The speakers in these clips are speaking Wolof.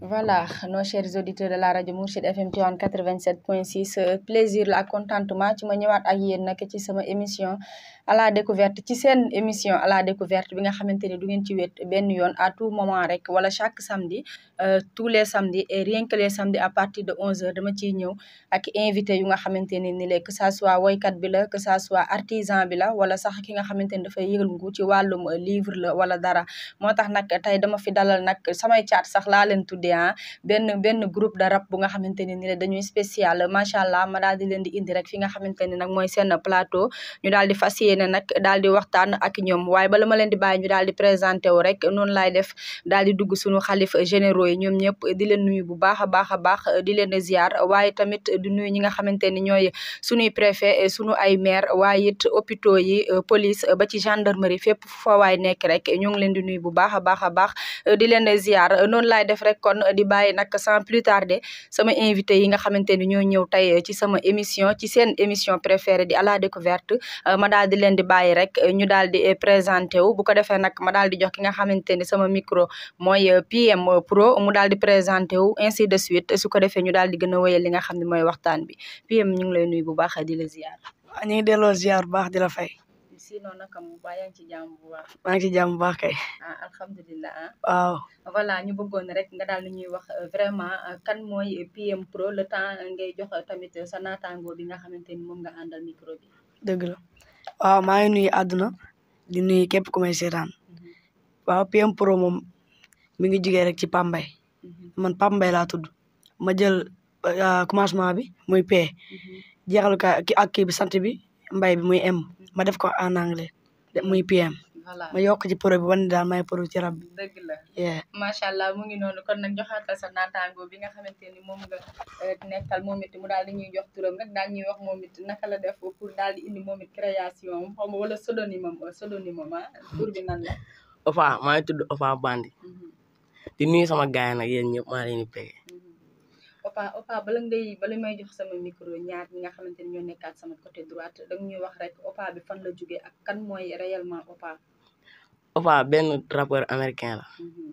voilà nos chers auditeurs de la radio Mourchid FM Tivaouane 87.6 euh, plaisir la contentement Tu m'as ñëwaat ak y émission à la découverte ci sen émission à la découverte bi nga xamante du ngeen ci wét benn yoon à tout moment rek wala chaque samedi euh, tous les samedis et rien que les samedis à partir de 11h dama ci ñëw ak invité yu nga xamante ni la que ça soit woykat bi la que ça soit artisan bi la wala sax ki nga xamante da fay yëgal ngu ci walum livre la wala dara motax nak tay dama fi dalal nak samay chat sax la len tuddé hein ah, benn benn groupe de rap bu nga xamante ni la dañuy spécial machallah ma dal di len di indi rek fi nga xamante nak moy sen plateau ñu dal di fas ne nag daal di waxtaan ak ñoom waaye bala ma leen di bàyyi ñu daal di présenté wu rek noonu laay def daal di dugg suñu xalif généraux yi ñoom ñëpp di leen nuyu bu baax a baax a baax di leen ziar waaye tamit di nuyu ñi nga xamante ni ñooy suñuy préfet suñu ay maire waaye it hôpitaux yi police ba ci gendarmerie fépp fu nekk rek ñoo ngi leen di nuyu bu baax a baax a baax di leen ziar noonu laay def rek kon di bàyyi nag sans sama invité yi nga xamante ni ñoo ñëw tey ci sama émission ci seen émission préférée di à la découverte ma daal di leen leen di bàyyi rek ñu daal di eh, présenté wu bu ko defee nag ma daal di jox ki nga xamante ni sama micro mooy eh, PM Pro mu daal di présenté wu ainsi de suite su ko defee ñu daal di gën a wéyal li nga xam ne mooy waxtaan bi PM ñu ngi lay nuyu bu baax di la ziar. ñu ngi delloo ziar bu baax di la fay. sinon naka mu baax yaa ngi ci jàmm bu baax. maa ngi ci jàmm bu baax kay. ah alhamdulilah ah. waaw voilà ñu bëggoon rek nga daal di ñuy wax eh, vraiment kan mooy PM Pro le temps ngay jox tamit sa naataango bi nga xamante ni moom nga àndal micro bi. dëgg waaw maa ngi nuyu àdduna di nuyu képp ku may seetaan waaw PM Pro moom mi ngi jugee rek ci Pambay man Pambay laa tudd ma jël euh, commencement bi muy P jeexalu ka ak kii bi sant bi mbay bi muy M ma def ko en anglais muy PM. ma yokk ci pro bi wane dal may pro ci rab bi dëgg la yeah sha allah mu ngi noonu kon nag joxaatal sa natango bi nga xamanteni mom nga eh, nekkal momit mu dal di ñuy jox turam rek dal ñuy wax momit naka la def pour dal di indi momit création xom wala pseudonyme am eh, pseudonyme am ah. tur bi nan la ofa ma ngi tudd ofa bandi mm-hmm. di nuyu sama gaay nag yéen ñëpp maa leen di pege mm-hmm. opa opa bala ngay bala may jox sama micro ñaar ñi nga xamanteni ñoo nekkaat sama côté droite dag ñuy wax rek opa bi fan la jóge ak kan moy réellement opa Opa benn rappeur américain la mm-hmm.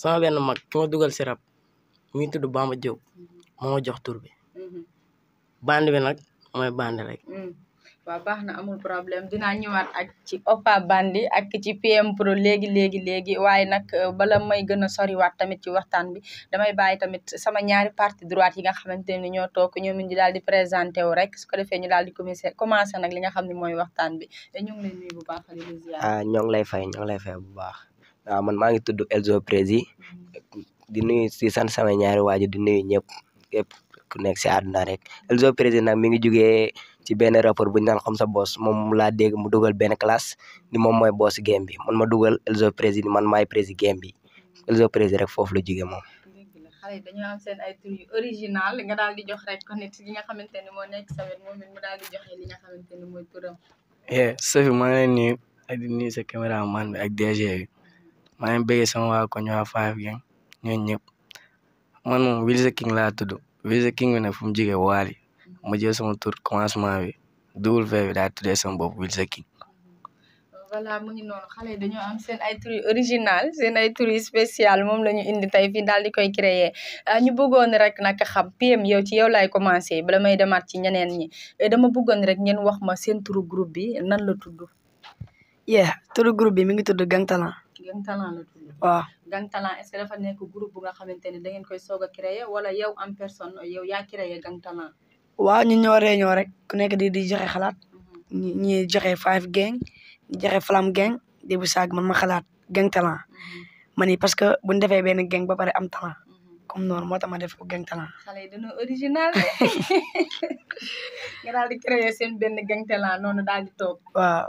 sama benn mag ki ma dugal si rap mi tudd Bamba Diop moo ma jox tur bi mm-hmm. band bi nag mooy band rek. Mm. waa na amul problem. dina ñëwaat ak ci opa Bandi ak ci PM Pro legi legi legi. waaye nak eh, bala may gëna sori soriwaat tamit ci waxtaan bi damay bàyyi tamit sama ñaari parti droite yi nga xamanteni ño tok ñoom ñu daldi di présenté wu rek su ko defé ñu daldi di commencer nak li nga xamni moy waxtaan bi eh, ñu ngi lay nuyu bu baax di ziar. ah ñoo ngi lay fay ñoo ngi lay fay bu baax ah, man ma ngi tuddu Elzo prezi di nuyu ci sant sama ñaari waji di nuyu ñëpp ku nekk ci aduna rek Elzo prezi nak mi ngi ci benn rapport bu ñu naan xam sa boss moom laa dégg mu dugal benn classe ni moom mooy boos game bi man ma dugal Elzo Prezy man maay Prezy game Elzo Prezy rek foofu la jógee moom. xale dañoo am seen ay tur yu original nga daal di jox rek kon nit ki nga xamante ni moom it daal di joxe li nga xamante ni mooy turam. Eh, Safi maa ngi leen di nuyu sa caméraman bi ak DG bi maa ngi bëggee sama waa ko ñu waa man moom Wilza King laa tudd Wilza King bi mu jigee ma jël sama tour commencement bi double V bi daa tuddee sama bopp Will Zakin voilà mu ngi noonu xale yi dañoo am seen ay tour original seen ay tour yu spécial moom la ñu indi tey fii daal di koy créer ah, ñu bëggoon rek nag xam PM yow ci yow lay commencé bala may demaat ci ñeneen ñi eh, dama bëggoon rek ngeen wax ma seen turu groupe bi nan la tudd. yeah turu groupe bi mi ngi tudd Gang Talent. Gang Talent la tudd. waaw Gang Talent est-ce que dafa nekk groupe bu nga xamante ne da ngeen koy soog a créer wala yow am personne yow yaa créer Gang Talent. waaw ñun ñoo réunion rek ku nekk di di joxe xalaat mm-hmm. ñi joxe five gang ñi joxe flam gang di saag man ma xalaat gang talent mm-hmm. ma ni parce que buñ defee benn gang ba pare am talent mm-hmm. comme noonu moo tax ma def ko gang talent. xale yi dañoo original de daal di créer seen benn gang talent noonu daal di toog waaw.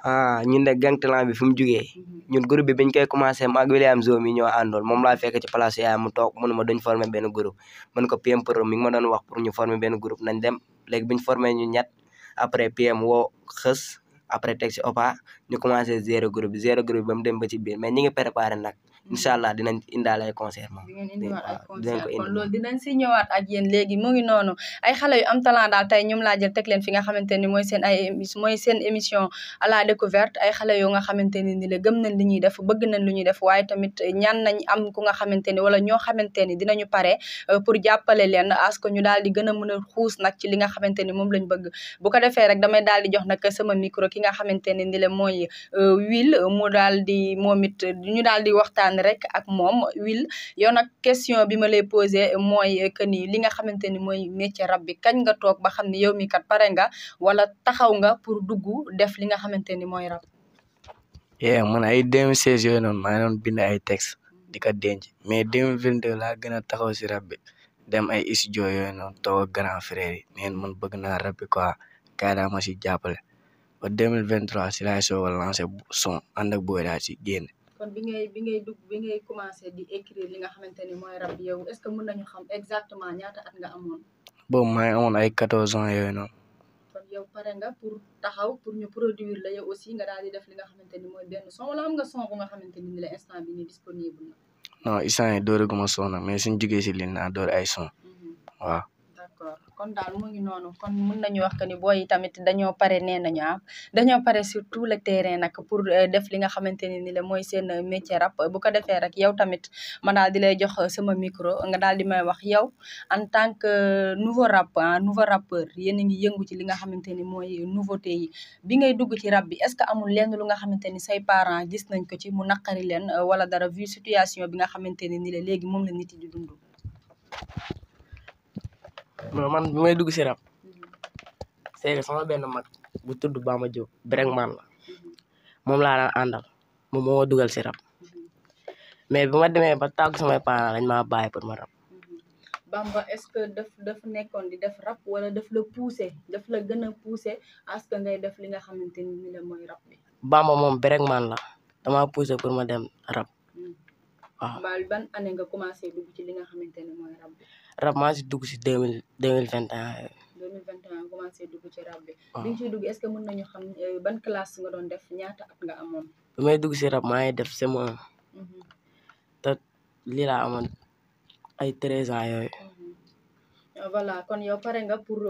ah ñun de gang bi fi mu jugee mhm. ñun groupe bi biñ koy commencé maag William Zo mi ñoo àndoon moom laa fekk ci place yaayam mu toog mënu ma duñ formé benn groupe man ko PM Pro mi ngi ma doon wax pour ñu former benn groupe nañ dem léegi biñ formé ñu ñett après PM woo xës après teg si opa ñu commencé zéro groupe zéro groupe ba mu dem ba ci biir mais préparé nag mm-hmm. incha allah dinañ concert moom dinañ ko indi kon loolu fi nga xamante ni mooy seen ay mooy seen émission à la découverte ay xale yoo nga xamante ni ni la gëm nañ li ñuy def bëgg nañ lu ñuy def waaye tamit ñaan nañ am ku nga xamante ni wala ñoo xamante ni dinañu pare euh, pour jàppale leen à ce que ñu daal di gën a mën a xuus nag ci li nga xamante ni moom lañ bëgg bu ko defee rek damay daal sama micro ki nga xamante ni ni mooy euh, Will mu daal di moom it ñu daal di waxtaan rek ak moom Will yow nag question bi ma lay posé mooy que ni li nga xamante ni mooy métier rab bi kañ nga toog ba xam ni yow mi kat pare nga wala taxaw nga pour dugg def li nga xamante ni mooy rab. yeah man ay 2016 yooyu noonu maa ngi doon bind ay texte di ko denc mais 2022 laa gën a taxaw si rab bi dem ay studio yooyu noonu toog grand frère yi neen man bëgg naa rab bi quoi kaay daa ma si jàppale ba deux mille vingt trois si laay soog a lancé son ànd ak booy daal si kon bi ngay bi ngay commencé di écrire li nga xamante ni mooy rap yow est-ce que mën nañu xam exactement ñaata at nga amoon. boobu maa amoon ay quatorze ans yooyu noonu. kon yow pare nga pour taxaw pour ñu produire la yow aussi nga daal def li nga xamante ni mooy benn son wala am nga son bu nga xamante ni instant bi ni disponible na. instant yii dóoraguma son nag mais suñ jugee si lii naa door kon daal mu ngi noonu kon mën nañu wax que ni booy yi tamit dañoo pare nee nañu ah dañoo pare surtout le terrain nag pour euh, def li nga xamante ne ni la mooy seen métier rap bu ko defee rek yow tamit ma daal di lay jox euh, sama micro nga daal di may wax yow en tant que euh, nouveau rap ah, yéen a ngi yëngu ci li nga xamante ni mooy nouveauté yi bi ngay dugg ci rab bi est-ce que amul lenn lu nga xamante ni say parent gis nañ ko ci mu naqari leen wala dara vu situation bi nga xamante ne ni la léegi moom la nit yi di dund man bi may dugg ci rap c'est sama ben mag bu tudd bama Diop breng man la mom la daan àndal moom moo ma dugal si mais bima démé ba tag sama parents lañ ma baye pour ma rap Bamba est-ce que def def nekkoon di def rap wala def le pousser def la gëna pousser poussé ce que ngay def li nga xamanteni ni la moy rap bi. Bamba mom breng man la dama pousser pour ma dem ah bal ban année nga commencé dugg ci li nga xamanteni moy rap bi rab maa dugg ci deux 2021 deux commencé dugg ci rab bi. biñ ci dugg est ce que mën nañu xam euh, ban classe nga doon def ñaata at nga amoon. bi may dugg ci rab may def c'est moi mhm. te lii laa amoon ay 13 ans yoy mhm. voilà kon yow paré nga pour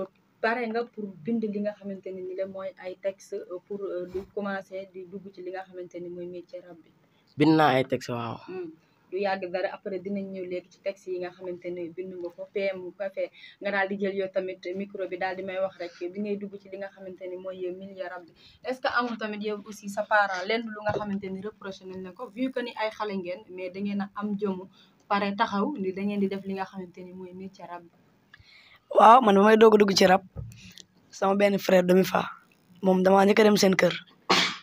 paré nga pour bind li nga xamanteni ni le moy ay texte euh, pour euh, di commencé di dugg ci li nga xamanteni moy métier rab bi. bind na ay texte waaw. Mhm du yàgg dara après dinañ ñew légui ci texte yi nga xamanteni ne bind nga ko PM bu fe nga dal di jël yo tamit micro bi dal di may wax rek bi ngay dugg ci li nga xamanteni moy mooy milliard bi est-ce que amul tamit yow aussi sa parent lenn lu nga xamanteni reprocher nañ la ko vu que ni ay xalé ngeen mais da ngeen am jëmu paré taxaw ni da ngeen di def li nga xamante ni métier rab waaw man bamay dogu dugg ci rab sama ben frère demi fa mom dama ñëk dem seen kër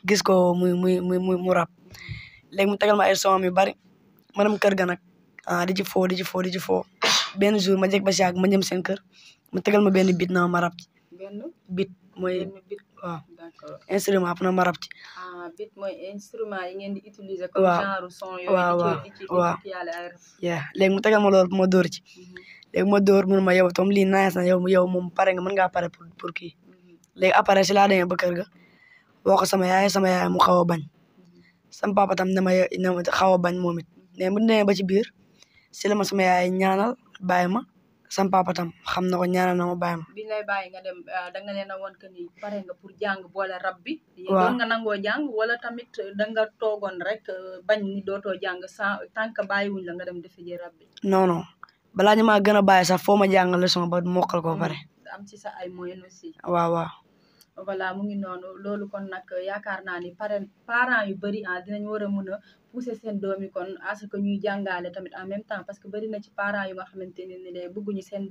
gis ko muy muy muy muy rap léegi mu tegal ma ay son yu bari manam kër ga nak ah di ci fo di ci fo di ci fo ben jour ma jek ba si yàgg ma jëm seen kër ma tegal ma ben bit na ma rap ci bit mooy d'accord instrument apna ma rap ci ah bit moy instrument yi ngeen di utiliser comme genre son yooyu waaw waaw yeah léegi mu tegal ma loolu ma dóor ci mhm. léegi ma dóor mu ma yow tom li nice na yow yow mom paré nga mën nga paré pour pour ki mhm. léegi après ci la demee ba kër ga woo sama yaay sama yaay mu xawa bañ mhm. sama papa tam dama dama xawa bañ momit mais bu demee ba ci biir si la ma sama yaay ñaanal bayima sama papa tam xam na ko ñaanal na ma bayima bi lay bay nga dem euh, da nga leena won ke ni pare nga pour jang boole rab bi. waaw nga nango jang wala tamit da nga togon rek euh, bañ ni doto jang sans tant que bàyyiwuñ la nga dem defé ji rab bi. non non bala ñuma gëna bay sax foo ma jàng sama ba mokal ko pare. Mm, am ci sa ay moyen aussi. wa wa voilà mu ngi nonu lolou kon nak yakarna naa ni parents yu bëri ah, dinañ wara mëna pousser seen doom kon à que ñuy jàngaale tamit en même temps parce que bëri na ci parents yu nga xamante ne ni la bëgguñu seen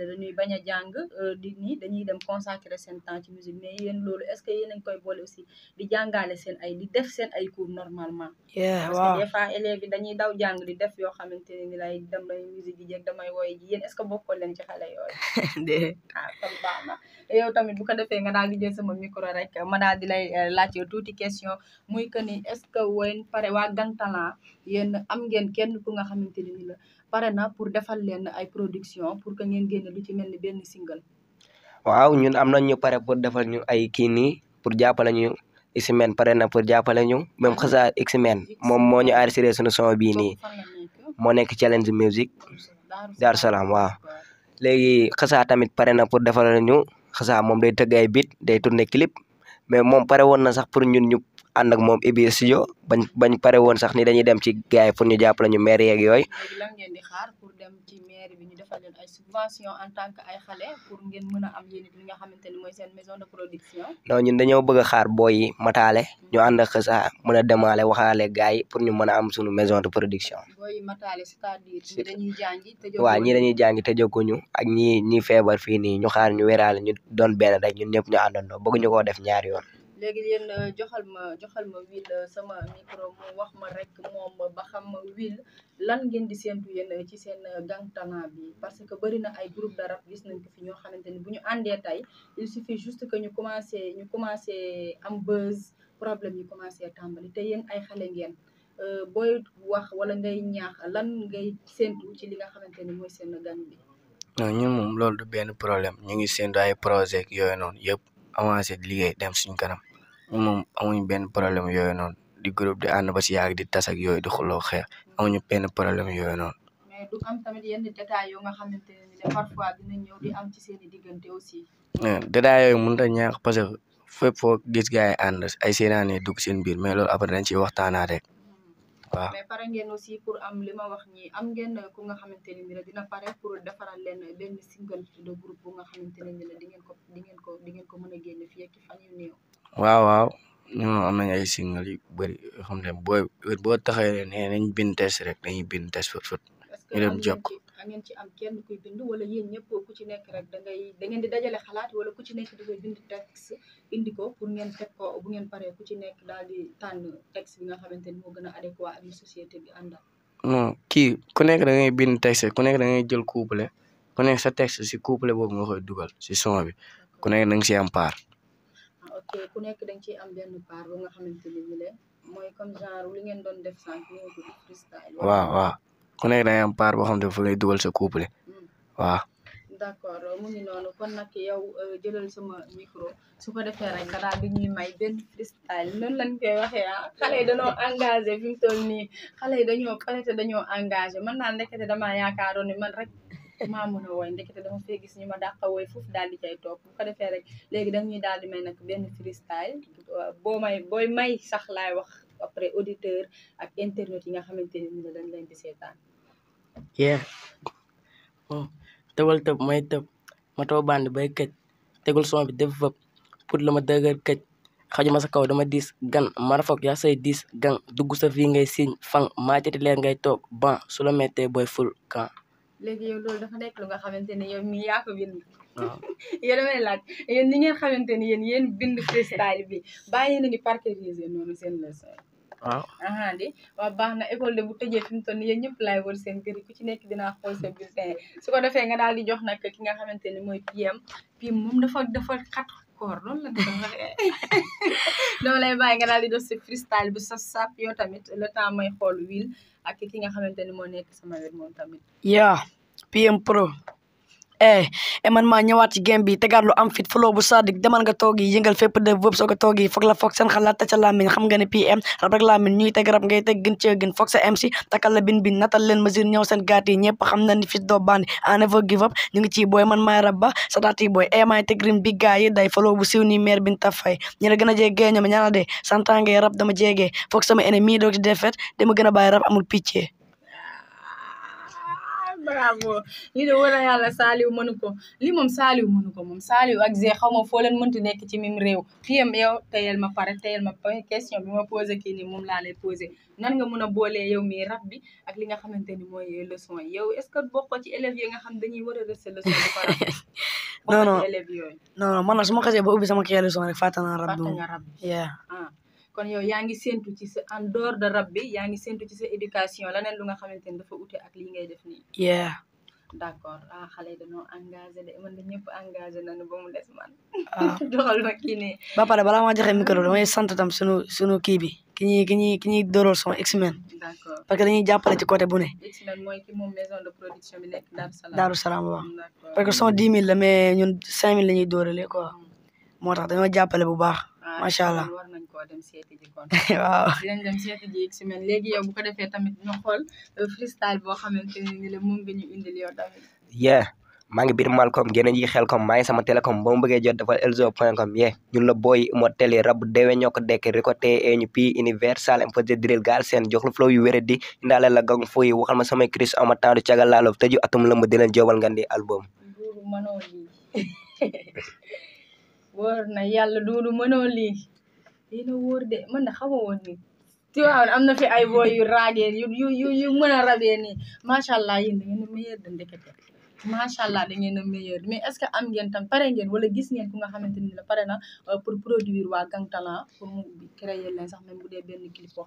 dañuy bañ a jàng euh, di ni dañuy dem consacrer seen temps ci musique mais yéen loolu est-ce que yéen koy boole aussi di jàngaale seen ay di def seen ay cours normalement parce que élèves dañuy daw jàng di def yoo xamante ne ni lay damay musique yi jeeg damay wooye ji yéen est-ce que bokkoo leen ci xale yooyu ah kon baax na te yow tamit bu ko defee nga daal di jël sama micro rek ma daal di lay euh, laaj tuuti question muy que ni est ce que woyn pare waa Hann Talent am ngeen kenn ku nga xamante ni la pare na pour defal leen ay production pour que ngeen génne lu ci mel ni benn single. waaw ñun am nañ ñu pare pour defal ñu ay kii nii pour jàppale ñu x pare na pour jàppale ñu même ah, xasaar X-Men moom moo ñu enregistré sunu son bii nii moo nekk challenge music Daaru Salaam waaw léegi tamit pare na pour defal ñu a moom day tëgg ay bit day tourner clip mais moom pare woon na sax pour ñun ñu ànd ak moom Ibi studio bañ bañ pare woon sax ni dañuy dem ci gars yi pour ñu jàppale ñu maire yeeg yooy lan ñu defal leen en tant que ay ñun dañoo bëgg a xaar booy mataale ñu ànd sax xësa mën a demaale waxaale gars yi pour ñu mën a am sunu maison de production. booy ñii dañuy jàngi tëjoo waaw ko ñu ak ñii ñii feebar fii nii ñu xaar ñu wéraale ñu doon benn rek ñun ñëpp ñu àndandoo bëgg ñu koo def ñaari yoon légui yeen joxal ma joxal ma wil sama micro mo wax ma rek mom ba xam ma wil lan ngeen di sentu yeen ya ci sen gang tana bi parce que bëri na ay groupe de gis nañ ko fi ño xamanteni buñu andé tay il suffit juste que ñu commencer ñu commencer am buzz problème yi commencer tambali te yeen ay xalé ngeen euh boy wax wala ngay ñaax lan ngay sentu ci li nga xamanteni moy sen gang bi. non ñun mom loolu du ben problème ñi ngi sentu ay projet yoy non yépp avancé di liggéey dem suñu kanam mom amuñ ben problème yoy non di groupe di and ba ci yag di tass ak yoy di xolo xex amuñ ben problème yoy non mais du am tamit yenn détails yo nga xamanteni ni parfois dina ñew di am ci seen digënté aussi. détails yooyu mën ta ñaax parce que fepp fo gis gaay and ay seenaane dug seen biir mais lool après dañ ci waxtana rek. Hmm. waaw mais paré ngeen aussi pour am lima wax ni am ngeen ku nga xamanteni ni la dina paré pour défaral leen ben single de groupe bu nga xamanteni ni la di ngeen ko di ngeen ko di ngeen ko mëna a fi fii ak fan yu neew waaw waaw ñoo am nañ ay signal yu bari yoo xam ne boo boo taxawee ne nee nañ bind test rek dañuy bind test fët fët ñu dem jokk ngeen ci am kenn kuy bind wala yéen ñëpp ku ci nekk rek da ngay da ngeen di dajale xalaat wala ku ci nekk da ngay bind texte indi ko pour ngeen teg ko bu ngeen paree ku ci nekk daal di tànn texte bi nga xamante ni moo gën a adéquat ak société bi àndal non kii ku nekk da ngay bind texte ku nekk da ngay jël couplet ku nekk sa texte si couplet boobu nga koy dugal si son bi ku nekk da nga si am part te ku nekk dañ ci ciy am benn part nga xamante ni bii mooy comme genre li ngeen doon def sànq ñu ngi tudd freestyle. waaw waaw ku nekk da ngay am part boo xam ne fa ngay dugal sa couple hmm. waaw. d'accord mu ngi noonu kon nag yow euh, jëlal sama micro su ko defee rek nga daal may benn freestyle noonu lañ koy waxee ah xale yi dañoo engagé fi mu toll yi dañoo pare te dañoo engagé man naa nekkate damaa yaakaaroon ni man rek. maa mën a ndekete dama fee gis ñu ma dàqa woy foofu daal di cay topp bu ko defee rek léegi da daal di may nag benn freestyle boo booy may sax laay wax après auditeur ak internet yi nga ni ñu di seetaan. yeah oh, tëbal tëb may tëb ma too band bay këj tegul son bi def vëp pour la ma dëgër këj xajuma sa kaw dama diis gan marafok yaa say diis gan dugg sa fii ngay siiñ fan maacati leer ngay toog ban su la booy ful kan léegi yow loolu dafa nekk lu nga xamante ne yow mii yaa ko bind. waaw yéen a may laaj yéen ñi ngeen xamante ni yéen yéen bind freestyle bi bàyyi na ni parcourir noonu seen leçon. a ah di waaw baax na école de bu tëjee fi mu toll nii yéen ñëpp laay wër seen kër ku ci nekk dinaa xool sa bulletin su ko defee nga daal di jox nag ki nga xamante ni mooy PM PM moom dafa dafa xat koor loolu la dafa lay bàyyi nga daal di def si bu saf sap yow tamit le temps may xool wil ak ki nga xamante ni moo nekk sama wet moom tamit. yaa PM Pro. e e man maa ñëwaat ci game bi tegaat am fit flow bu sadik demal nga toogi yëngal fépp de vëb soo ko toogi foog la foog seen xalaat taca laamin xam nga ne pm rab rek laamin ñuy teg rab ngay teg gën cee gën foog sa MC takal la bin bin natal leen mesure ñëw seen gaat ñëpp xam na ni fit doo bandi I never give up ñu ngi ci booy man maay rab ba sa booy e maay teg bi gaa day flow bu siw ni maire bin tafay ñu la gën a jegee ñoom ñaana de santange rab dama jegee foog sama ennemi doog ci defet dama gën a bàyyi rab amul picc bravo lii de wala yàlla Saliou mënu ko lii moom Saliou mënu ko moom Saliou ak Zé xaw ma foo leen mënti nekk ci mim réew PM yow teyel ma pare teyel ma pare question bi ma posé kii nii moom laa lay posé nan nga mën a boolee yow mii rab ak li nga xamante ni mooy leçon yi yow est-ce que bokkoo ci élèves yi nga xam dañuy war a rëse leçon bi par non non non ma xasee ba ubbi sama kii leçon rek fàtte naa rab bi kon yow yaa ngi ci sa en dehors de rab bi yaa ngi séntu ci sa éducation leneen lu nga xamante ni dafa ute ak li ngay def nii. yeah d'accord ah xale yi dañoo engagé de man de ñëpp engagé nañu ba mu des man. waaw ah. doxal ma kii nii. ba pare balaa maa joxe sant tam sunu sunu kii bi ki ñuy ki ñuy ki ñuy dóorool son X-Men. d'accord parce que dañuy ci côté bu ne. mooy ki Salaam. Darou Salaam que son dix mille la mais ñun cinq mille la ñuy ko moo tax dañoo jàppale bu baax ah, macha allah waaw dinañ dem seeti ji ci bu ko defee tamit ñu xool euh, maa ngi biir Malcom génn ji xel kom maay ngi sama télécom ba mu bëggee jot dafa elzo point com yee ñun la boy mo télé rab dewe ñoo ko dekk récolté ñu pi universal imposé diril gaal seen joxlu flow yu wéré di indaale la gang fooyi waxal ma samay cris ama temps du caga laalof tëju atum lëmb di leen ngandi ngan di album wóor na yàlla duudu mënoo lii dina wóor de mën na xama woon ni ci am na fi ay booy yu raagee yu yu yu yu mën a rabee nii macha allah yéen da ngeen a meilleur de ndekete macha allah da ngeen a meilleur mais est ce que am ngeen tam pare ngeen wala gis ngeen ku nga xamante ni la pare na euh, pour produire waa Gang pour mu créer sax même bu dee benn clip boo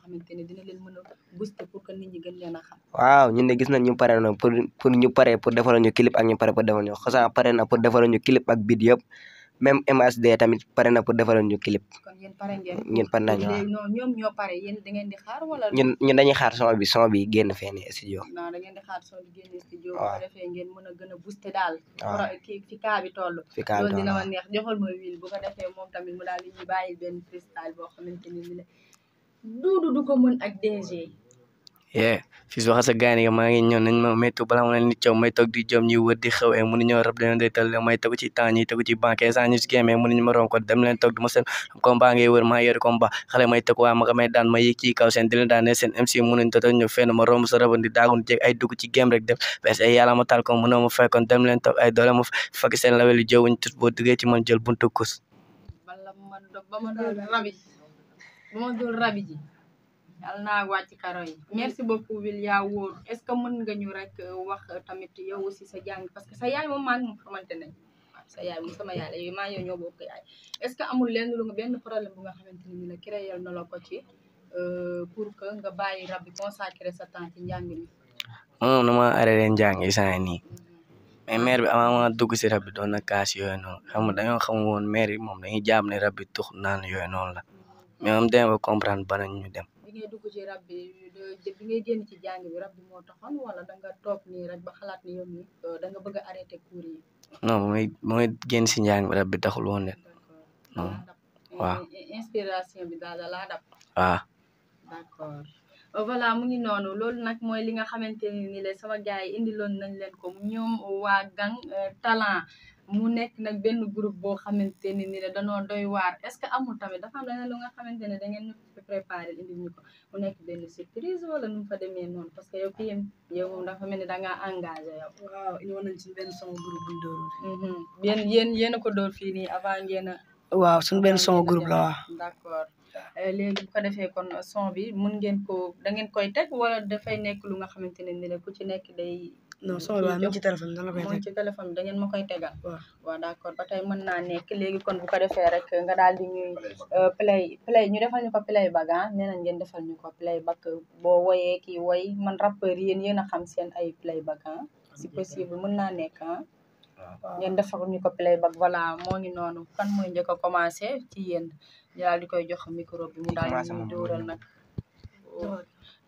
a booster pour que nit ñi a xam. waaw ñun de gis nañ ñu pare na pour pour ñu pare pour defal ñu kilip ak ñu pare pour defal ñu pare na pour defal ñu clip ak bit yëpp. même MHD tamit pare na pour defaral ñu clip. pare ngeen pare nañu waaw ñoom ñoo pare yéen da ngeen xaar wala. ñun ñun dañuy bi génn fee studio. waaw da ngeen di studio. waaw bu defee daal. fi kaa bi fi kaa bi neex joxal ma wil bu ko defee moom tamit mu daal di ñuy bàyyi benn freestyle du ko mën ak DG. yeah fils waxal sa gaay maa ngi may toog balaa ma leen di may toog di jom ñuy wër di xew e eh, mënu ñoo rab leen day tal may tegu ci temps ñi tegu ci banque eh, sa ñu ci ma rom ko dem leen toog du ma seen combat ngay wër maa yor may teg waa ma may daan ma yëg ci kaw seen di leen daane seen MC mënuñ tata ñëw fenn ma romb sa rabandi daagun jeg ay dugg ci gém rek dem parce que eh, yàlla ma tal ko mënoo ma fekkoon dem leen ay doole ma fakk seen lawelu jëwuñ yalna naa wàcc karo yi merci beaucoup Will yaa wóor est-ce que mën nga ñu rek euh, wax euh, tamit yow aussi sa jang parce que sa yaay mo man ngi moom nañ sa yaay moom sama yaay yi ma maa yow ñoo bokk yaay est-ce que amul lenn lu nga benn problème bu nga xamante ni la créer na lo ko ci euh pour que nga bayyi rab bi consacré sa temps ci jang mi moom dama arrêté njàng isaan ni mais mère bi ama ma dugg ci rab bi doon na kaas yooyu noonu xam nga dañoo xam won mère yi moom dañuy jamm ne rab bi tux naan yooyu noonu la mais moom dem ba comprendre ba nañ ñu dem bi ngay ci rab bi bi ngay génn ci jàng bi rab bi moo taxoon wala da nga toog nii rek ba xalaat ni yow nii euh, da nga bëgg a arrêté cours génn si njàng bi rab bi taxul woon de. inspiration bi daal laa dab. waaw. d'accord euh, voilà mu ngi noonu loolu nag mooy li nga xamante ni la sama gars yi indiloon nañ leen ko ñoom waa euh, talent. mu nekk nag benn groupe boo xamante ne ni la danoo doy waar est-ce que amul tamit dafa am leneen nga xamante ne da ngeen ñu ko préparé indi ñu ko nekk benn surprise wala nu mu fa demee noonu parce que yow PM yow moom dafa mel ni da engagé yow. waaw groupe bu ñu dóoroon. Mhm. yéen yéen yéen ko dóor fii nii avant ngeen a. waaw suñu benn son groupe la waaw. d'accord euh, léegi bu ko defee kon son bi mun ngeen ko da ngeen koy teg wala dafay nekk lu nga xamante ne ni ku ci nekk day. non sama baay ci téléphone dana koy teg moom ci téléphone ma koy tegal. waaw waaw d' accord ba tey mën naa nekk léegi kon bu ko defee rek nga daal di ñuy euh, play play ñu defal ñu ko play back ah nee nañ ngeen defal ñu ko play boo woyee kii woy man rappeur yéen yéen a xam seen ay play back ah si possible mën naa nekk ah. waaw ngeen defal ñu ko play back voilà moo ngi noonu kan mooy njëkk a commencé ci yéen ñu daal di koy jox micro bi mu daal di ñu dóoral nag. Oh,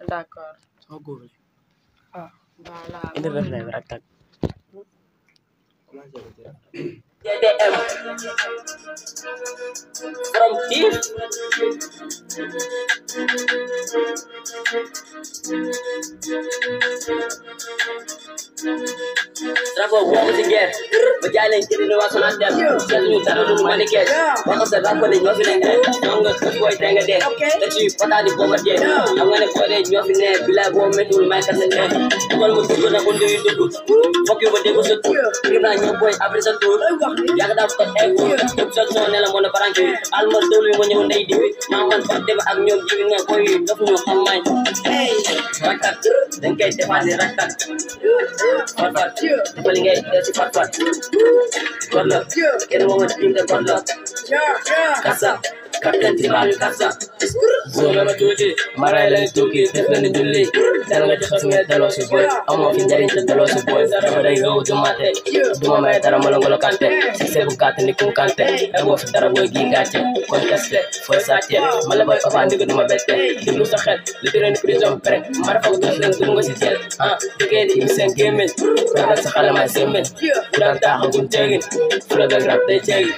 d' accord. waaw. इधर रखना है रख तक JDM From thief Travel what we get. But y'all ain't getting no ass on them. Tell you that I do to get. What was the rap when you're gonna cut boy thing again. Let you put out the bomb again. I'm gonna like Fuck you, but they was a are boy. I'm yàgg daa ko ay wóor obsession ne la mën a branché almal dawlu ma ñëw ndey diwi maa man far Hey, ak ñoom jiwi nga koy daf ñu xam may rakkat dañ koy defaat rakkat farfat dafa li ngay def si farfat kon la kenn moom a dinde kon la kasa kapten si baalu kasa soo la ma tuuti maray lay tukki def na ni julli then I'm touching the telo si boy. I'm off in jarin the telo si boy. Wherever I go, do my thing. Do my man, that I'm gonna cante. Si se buka te ni kum cante. I go for that boy, gig cante. Conteste, for sate. Malaboy, papa, and go do my best. Eh. The blue sahel, little in prison, prank. Marafa, go to the go si tel. Ah, the kid, he was saying, game eh. eh. it. Brother, sahala, my semen. Granta, how good, jagged. Brother, grab the jagged.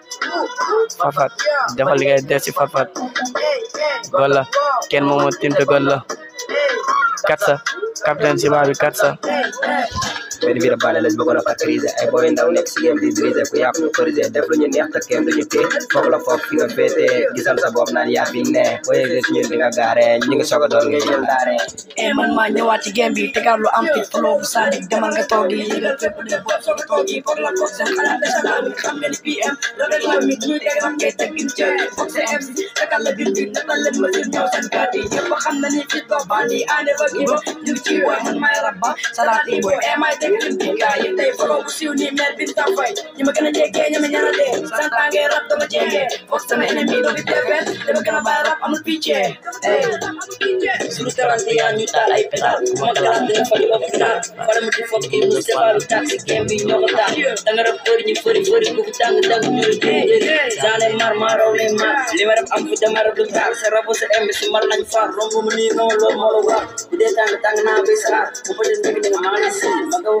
farfat defal li ngay def si kenn moomu tinte gol la katsa capitaine si baa bi katsa benn mbir bàlle lañ bëggoon a facturiser ay booy ndaw nekk si game di briser ku yàpp ñu def lu ñu sa bopp naan yaa fi ne boo yëgee si ñun di nga gaare ñu ngi soog a doon ngay jël daare e man maa ñëwaat ci game am fit flow bu sandi demal toogi a toogi la toog seen xalaat desala mi xam ngeen pm loolu la mi ñuy teg ram ngay teggin ci foog seen mc tegal la bir bi natal leen ma leen ñëw seen gàtt yi ñëpp xam na ni Jika yute fokus uni mer pinta fight Nyama kena jege nyama deh. Santang Santange rap tama jege Fox sama enemy babi tefer Lema kena barap amus piche Suruh karantia nyuta ay peta Mga karantia fali babi peta Para mutu fok ibu separu taksi kembi nyokota Tangarap kori nyi furi furi kuku tangga tangga nyuri Zane mar maro ne mar Lema rap amfu damar dutar Serabu se embe sumar nany far Rombu meni no lo moro rap Ide tangga tangga nabe sarat ah. Kupa jen tagi dengan manis Magawa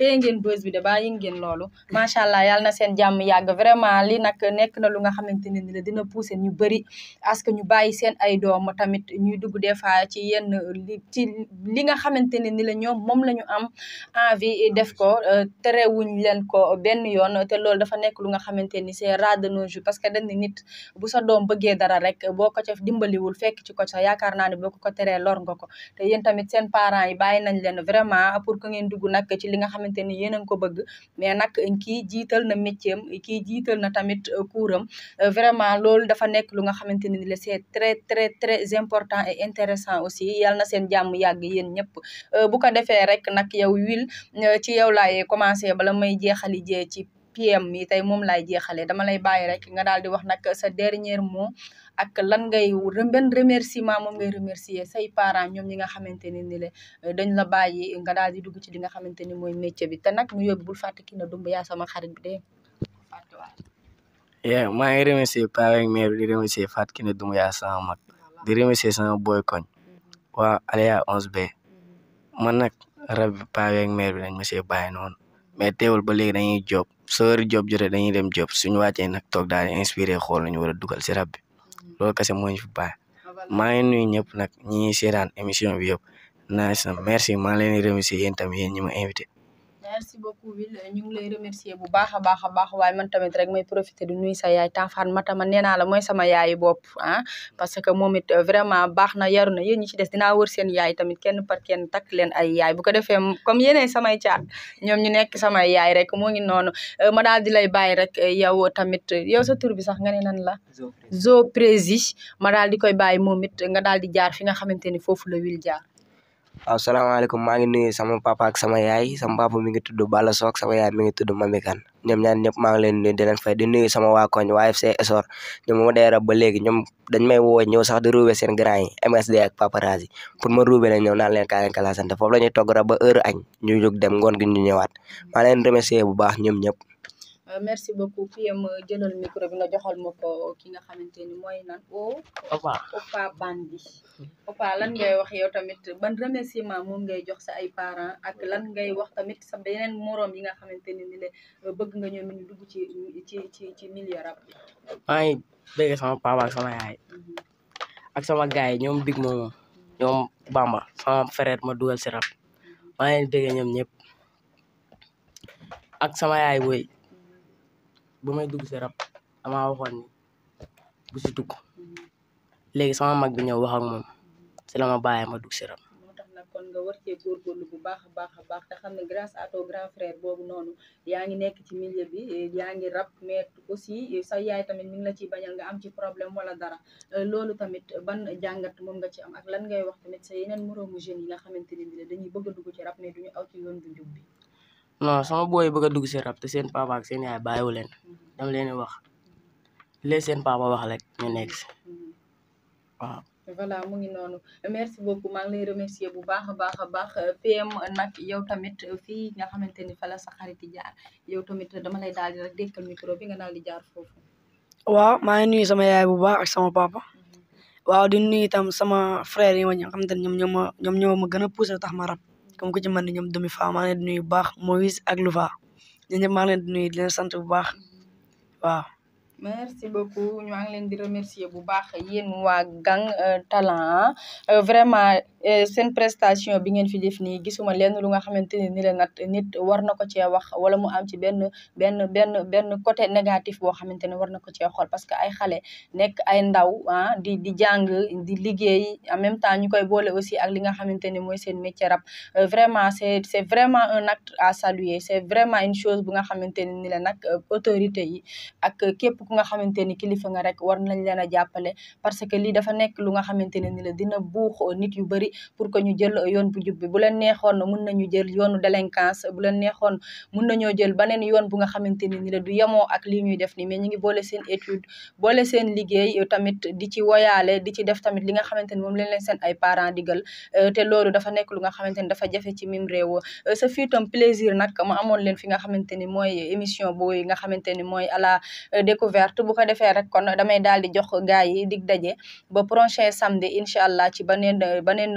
téye ngeen bës bi de bàyyi ngeen loolu macha allah yàlla na seen jàmm yàgg vraiment li nag nekk na lu nga xamante ne ni la ñu bëri parce que ñu doom tamit ñuy dugg des fois ci yenn ci li nga xamante ne ni la ñoom moom la ñu am envie def ko euh, terewuñ leen ko benn yoon te loolu dafa nekk lu nga xamante ni c'est rare de nos jours parce que da ne nit bu sa doom bëggee dara rek boo ko ca dimbaliwul fekk ci ko sax yaakaar naa ne boo ko ko teree lor nga ko te yéen tamit seen parents yi nañ leen vraiment pour que ngeen dugg nag ci li nga xamante xamante ni yéen a ngi ko bëgg mais nag kii jiital na métier am kii jiital na tamit kuuram euh, euh, vraiment loolu dafa nekk lu nga xamante ni la c'est très très très important et intéressant aussi yàlla seen jàmm yàgg yéen ñëpp euh, bu ko defee rek nag yow wil ci yow laay commencé bala may jeexali jee ci PM mi tey moom laay jeexale dama lay bàyyi rek nga daal di wax nag sa dernier moom ak lan ngay benn remerciement moom ngay remercier say parent ñoom ñi nga xamante ne ni la euh, dañ la bàyyi nga daal di dugg ci li nga xamante ni mooy métier bi te nag nu yóbbu bul fàtte ki na dumb yaa sama xarit bi de fàttewaat yeah maa ngi remercier parents ak mère di remercier Fatou Kiné Doumbou yaa sama mag di remercier sama boy koñ waa Alea 11B man nag rab bi parents ak mère bi dañ ma see bàyyi noonu mais teewul ba léegi dañuy job joob heure job jotee dañuy dem job suñu wàccee nag toog daal di inspiré xool nañu war a dugal si rab bi loolu kese moo ñu fi baax maa ngi nuyu ñëpp nag ñi ñuy seetaan émission bi yëpp naa merci maa ngi leen di remercier yéen yéen ñi ma invité merci beaucoup Will ñu ngi lay remercier bu baax a baax a baax waaye man tamit rek may profiter di nuyu sa yaay Tafane Matama ma naa la mooy sama yaay bopp ah parce que moom it euh, vraiment baax na yaru na yéen ñu ci des dinaa wër seen yaay tamit kenn par kenn takk leen a yaay bu ko defee comme yéenee samay caat ñoom ñu nekk samay yaay rek moo ngi noonu euh, ma daal di lay bàyyi rek euh, yow tamit yow sa tur sax nga ne nan la Zo Prési ma daal di koy bàyyi moom it nga daal di jaar fi nga xamante ni foofu la Will jaar waaw salaamaaleykum maa ngi nuyu sama papa sama yaay sama papa mi ngi tudd Balla Sock sama yaay mi ngi tudd Mami Kane ñoom ñaar ñëpp maa ngi leen nuyu di leen fay di nuyu sama waa koñ waa FC Essor ñoom ma dee rab ba léegi ñoom dañ may woo ñëw sax di ruube seen grand yi MSD ak paparazzi pour ma ruube leen ñëw naan leen kaa leen kalaasante foofu la ñuy togg rab ba heure añ ñu jóg dem ngoon gi ñëwaat maa leen remercier baax ñoom ñëpp Euh, merci beaucoup fii euh, ma jëlal micro bi nga joxal mako ko ki nga xamanteni moy nan o opa opa bandi opa lan ngay wax yow tamit ban remerciement moom ngay jox sa ay parents ak lan ngay wax tamit sa benen morom yi nga xamanteni ni le euh, bëgg nga ñoom ñu dugg ci ci ci ci milieu rap ay bëgg sama papa ak sama yaay mhm. ak sama gaay ñoom big moomu ñoom bamba sama frère ma duggal ci rap ma ngi bëgg ñoom ñep ak sama yaay woy ba may dugg si rab damaa waxoon ni bu si dugg léegi sama mag bi ñëw wax moom si la ma bàyyee ma dugg si rab. moo tax na kon nga war cee góorgóorlu bu baax a baax a baax te xam ne grace à ton grand frère boobu noonu yaa ngi nekk ci milieu bi yaa ngi rab mais aussi sa yaay tamit mi ngi la ciy bañal nga am ci problème wala dara euh, loolu tamit ban jàngat moom nga ci am ak lan ngay wax tamit sa yeneen moroomu jeunes yi nga xamante ne bi dañuy bëgg a dugg ci rab mais duñu aw ci yoon bu njub bi. non sama boy bëgg dugg ci rap te seen papa ak seen yaay bàyyiwu leen dama leen wax lee seen papa wax rek ñu nekk si waaw voilà mu ngi noonu merci beaucoup maa ngi lay remercier bu baax a baax a baax PM nag yow tamit fii nga xamante ni fala la jaar yow tamit dama lay daal di rek dékkal micro bi nga daal di jaar foofu waaw maa ngi nuyu sama yaay bu baax ak sama papa mhm. waaw di nuyu itam sama frère yi ma ñi xamante ni ñoom ñoo ma ñoom ñoo ma gën a tax ma rab comme ku ci mën ni demi fa maa ngi leen nuyu baax Moïse ak Louva ñun ñëpp leen di nuyu di leen sant bu baax waaw. merci beaucoup ñu ngi leen di remercier bu baax yeen wa Gang Talent hein. euh, vraiment. Eh, sen prestation bi ngeen fi def nii gisuma lenn lu nga xamante ni ni la nat nit war na ko cee wax wala mu am ci benn benn benn benn côté négatif boo xamante ne war na ko cee xool parce que ay xale nekk ay ndaw ah di di jàng di liggéey en même temps ñu koy boole aussi ak li nga xamante ne mooy seen métier rap eh, vraiment c'est c'est vraiment un acte à saluer c'est vraiment une chose bu nga xamante ne ni la nag eh, autorité yi ak képp ku nga xamante ni kilifa nga rek war nañ leen a jàppale parce que lii dafa nekk lu nga xamante ne ni la dina buux nit yu bëri bi pour que ñu jël yoon bu jub bi bu leen neexoon mun nañu jël yoonu délinquance bu yoon bu nga xamante ni ni la du yemoo ak lii ñuy def ni mais ñu ngi boole seen étude boole liggéey euh, tamit di ci woyaale di ci def tamit li nga xamante ni moom leen leen seen ay parents digal euh, te loolu dafa nekk lu nga xamante ni dafa jafe ci mim réew euh, ce fut un plaisir nag ma amoon leen fi nga xamante ni mooy émission bu nga xamante ni mooy à bu ko defee rek kon damay daal di jox gars yi dig daje ba prochain